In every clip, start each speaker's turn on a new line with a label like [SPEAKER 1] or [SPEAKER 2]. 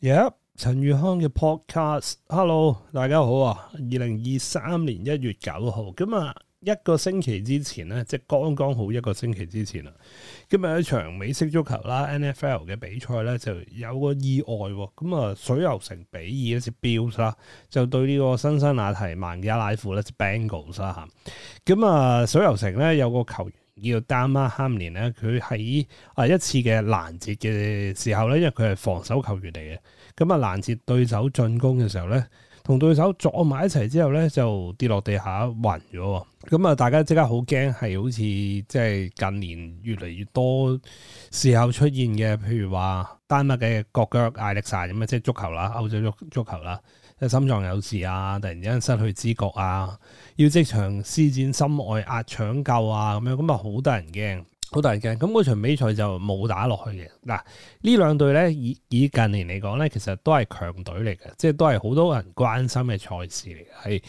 [SPEAKER 1] Yep，陳宇康嘅 podcast，hello，大家好啊！二零二三年一月九號，咁啊，一個星期之前咧，即係剛剛好一個星期之前啊。今日一場美式足球啦 NFL 嘅比賽咧，就有個意外，咁啊，水牛城比爾啦，就對呢個新生亞提曼加拉夫啦，即 Bengals 啦吓。咁啊，水牛城咧有個球員。叫丹麥哈姆連呢，佢喺啊一次嘅攔截嘅時候咧，因為佢係防守球員嚟嘅。咁啊攔截對手進攻嘅時候呢，同對手撞埋一齊之後呢，就跌落地下暈咗。咁啊，大家即刻好驚，係好似即係近年越嚟越多時候出現嘅，譬如話丹麥嘅國腳艾力薩咁啊，即係足球啦，歐洲足足球啦。即係心臟有事啊！突然之間失去知覺啊！要即場施展心外壓搶救啊！咁樣咁啊，好得人驚，好得人驚！咁嗰場比賽就冇打落去嘅。嗱，呢兩隊咧，以以近年嚟講咧，其實都係強隊嚟嘅，即係都係好多人關心嘅賽事嚟嘅。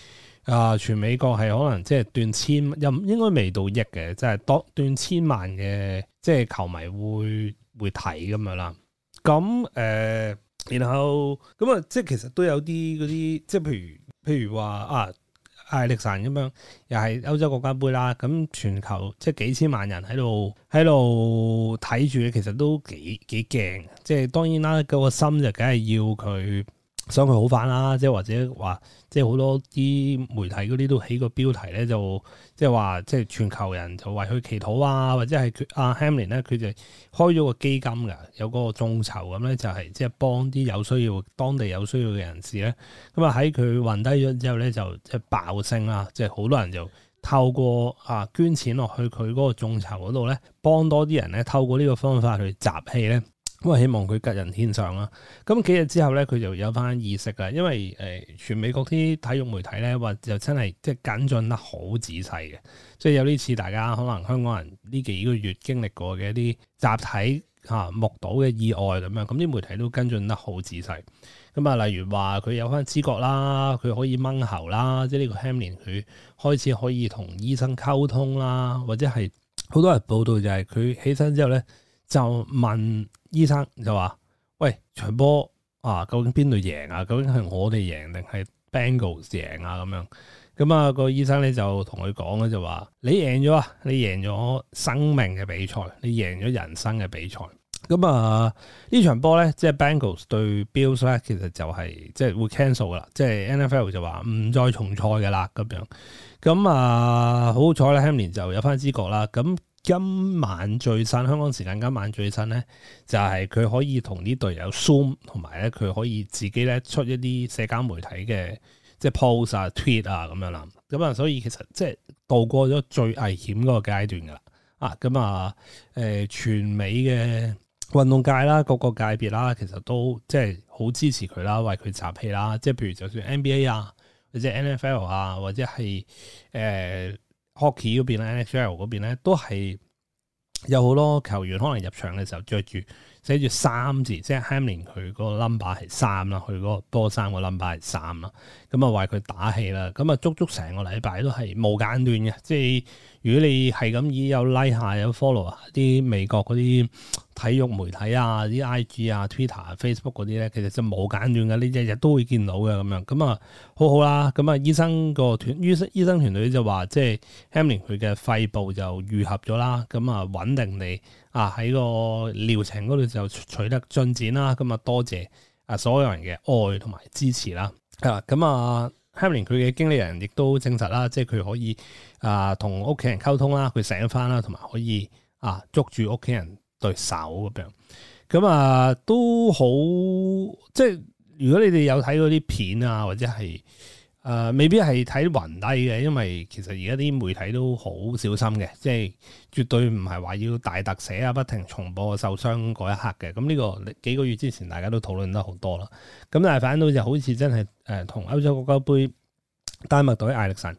[SPEAKER 1] 係啊，全美國係可能即係斷千，又應該未到億嘅，即係多斷千萬嘅，即係球迷會會睇咁樣啦。咁誒。呃然後咁啊，即係其實都有啲嗰啲，即係譬如譬如話啊，艾力神咁樣，又係歐洲國家杯啦，咁全球即係幾千萬人喺度喺度睇住，其實都幾幾驚，即係當然啦，嗰、嗰個心就梗係要佢。想佢好翻啦，即係或者話，即係好多啲媒體嗰啲都起個標題咧，就即係話，即係全球人就為佢祈禱啊，或者係佢阿 Hamlin 咧，佢、啊、就開咗個基金嘅，有嗰個眾籌咁咧，就係即係幫啲有需要當地有需要嘅人士咧，咁啊喺佢暈低咗之後咧，就即係爆升啦，即係好多人就透過啊捐錢落去佢嗰個眾籌嗰度咧，幫多啲人咧，透過呢個方法去集氣咧。咁希望佢吉人天相啦。咁幾日之後咧，佢就有翻意識啦。因為誒、呃，全美國啲體育媒體咧話就真係即跟進得好仔細嘅，即有啲似大家可能香港人呢幾個月經歷過嘅一啲集體嚇、啊、目睹嘅意外咁樣，咁啲媒體都跟進得好仔細。咁、嗯、啊，例如話佢有翻知覺啦，佢可以掹喉啦，即呢個 Hamlin 佢開始可以同醫生溝通啦，或者係好多人報道就係佢起身之後咧就問。醫生就話，喂，場波啊，究竟邊度贏啊？究竟係我哋贏定係 Bengals 贏啊？咁樣，咁、嗯、啊、那個醫生咧就同佢講咧就話，你贏咗啊！你贏咗生命嘅比賽，你贏咗人生嘅比賽。咁、嗯、啊場呢場波咧，即、就、係、是、Bengals 對 Bills 咧，其實就係即係會 cancel 噶啦，即係 NFL 就話、是、唔再重賽噶啦，咁樣。咁、嗯、啊好彩啦，Hamlin 就有翻知覺啦。咁、嗯。今晚最新，香港時間今晚最新咧，就係、是、佢可以同啲隊友 Zoom，同埋咧佢可以自己咧出一啲社交媒體嘅即係 post 啊、tweet 啊咁樣啦。咁、嗯、啊，所以其實即係度過咗最危險嗰個階段噶啦。啊，咁、嗯、啊，誒全美嘅運動界啦，各個界別啦，其實都即係好支持佢啦，為佢集氣啦。即係譬如就算 NBA 啊，或者 NFL 啊，或者係誒。呃 Hockey 嗰邊咧 NFL 嗰邊咧，都係有好多球員可能入場嘅時候着住寫住三字，即係 Hamlin 佢嗰個 number 係三啦，佢嗰個波三個 number 係三啦，咁啊為佢打氣啦，咁啊足足成個禮拜都係無間斷嘅，即係如果你係咁已有拉、like, 下有 follow 啊，啲美國嗰啲。體育媒體啊，啲 IG 啊、Twitter、Facebook 嗰啲咧，其實就冇間斷嘅，呢日日都會見到嘅咁樣。咁、嗯、啊，好好啦。咁、嗯、啊，醫生個團醫生醫生團隊就話，即係 Hamlin 佢嘅肺部就愈合咗啦。咁、嗯、啊，穩定地啊喺個療程嗰度就取得進展啦。咁、嗯、啊，多謝啊所有人嘅愛同埋支持啦、嗯。啊，咁啊 Hamlin 佢嘅經理人亦都證實啦，即係佢可以啊同屋企人溝通啦，佢醒翻啦，同埋可以啊捉住屋企人。對手咁樣、啊，咁啊都好，即係如果你哋有睇嗰啲片啊，或者係誒、呃，未必係睇雲低嘅，因為其實而家啲媒體都好小心嘅，即係絕對唔係話要大特寫啊，不停重播受傷嗰一刻嘅。咁呢個幾個月之前大家都討論得多好多啦，咁但係反倒就好似真係誒，同歐洲國家杯丹麥隊艾力臣。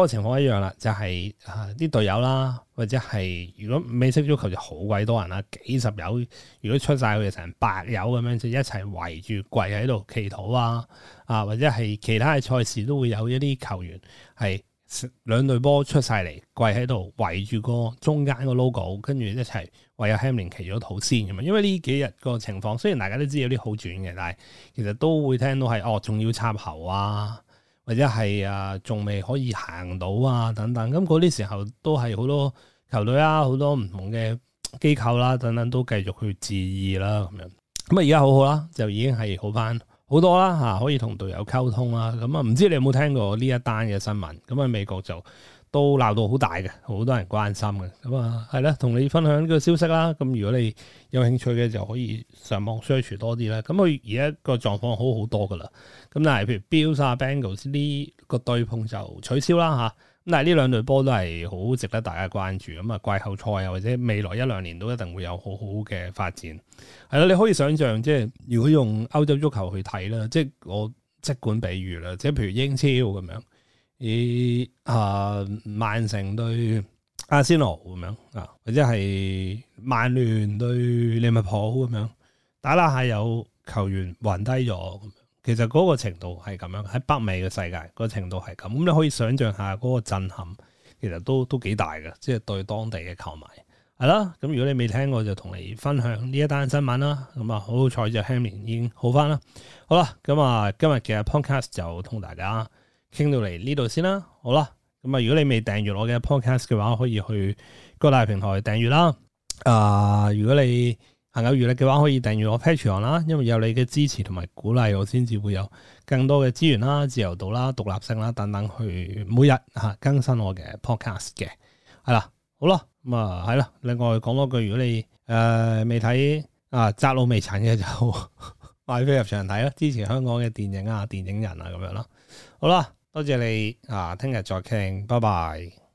[SPEAKER 1] 個情況一樣啦，就係、是、啊啲隊友啦，或者係如果美式足球就好鬼多人啦，幾十友，如果出晒佢就成百友咁樣，就一齊圍住跪喺度祈禱啊！啊，或者係其他嘅賽事都會有一啲球員係兩隊波出晒嚟，跪喺度圍住個中間個 logo，跟住一齊為有 Hamlin 祈咗禱先咁啊！因為呢幾日個情況，雖然大家都知有啲好轉嘅，但係其實都會聽到係哦，仲要插喉啊！或者係啊，仲未可以行到啊，等等。咁嗰啲時候都係好多球隊啊，好多唔同嘅機構啦、啊，等等都繼續去注意啦，咁樣。咁啊，而家好好啦，就已經係好翻好多啦，吓、啊、可以同隊友溝通啦。咁啊，唔、啊、知你有冇聽過呢一單嘅新聞？咁啊，美國就。都鬧到好大嘅，好多人關心嘅，咁啊，係、嗯、啦，同你分享呢個消息啦。咁如果你有興趣嘅，就可以上網 search 多啲啦。咁佢而家個狀況好好多噶啦。咁但係譬如 Bills 啊、Bengals 呢個對碰就取消啦吓，咁但係呢兩隊波都係好值得大家關注。咁、嗯、啊季後賽啊，或者未來一兩年都一定會有好好嘅發展。係啦，你可以想象即係如果用歐洲足球去睇啦，即係我即管比喻啦，即係譬如英超咁樣。以啊、呃、曼城對阿仙奴咁樣啊，或者係曼聯對利物浦咁樣，打啦下有球員暈低咗，其實嗰個程度係咁樣喺北美嘅世界，個程度係咁，咁、嗯、你可以想象下嗰個震撼，其實都都幾大嘅，即係對當地嘅球迷係啦。咁如果你未聽過，就同你分享呢一單新聞啦。咁、嗯、啊，好好彩就 Henry 已經好翻啦。好啦，咁、嗯、啊今日嘅 Podcast 就同大家。傾到嚟呢度先啦，好啦，咁啊，如果你未訂閱我嘅 podcast 嘅話，我可以去各大平台訂閱啦。啊、呃，如果你行有餘力嘅話，可以訂閱我 Patreon 啦。因為有你嘅支持同埋鼓勵，我先至會有更多嘅資源啦、自由度啦、獨立性啦等等，去每日嚇更新我嘅 podcast 嘅。係啦，好啦，咁啊係啦。另外講多句，如果你誒未睇啊，窄路微塵嘅就買飛入場睇啦，支持香港嘅電影啊、電影人啊咁樣啦，好啦。多謝你啊，聽日再傾，拜拜。